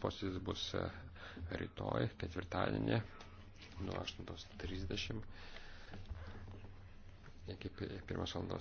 Posėdis bus e, rytoj, ketvirtadienį, nuo 8.30 iki 1 valandos.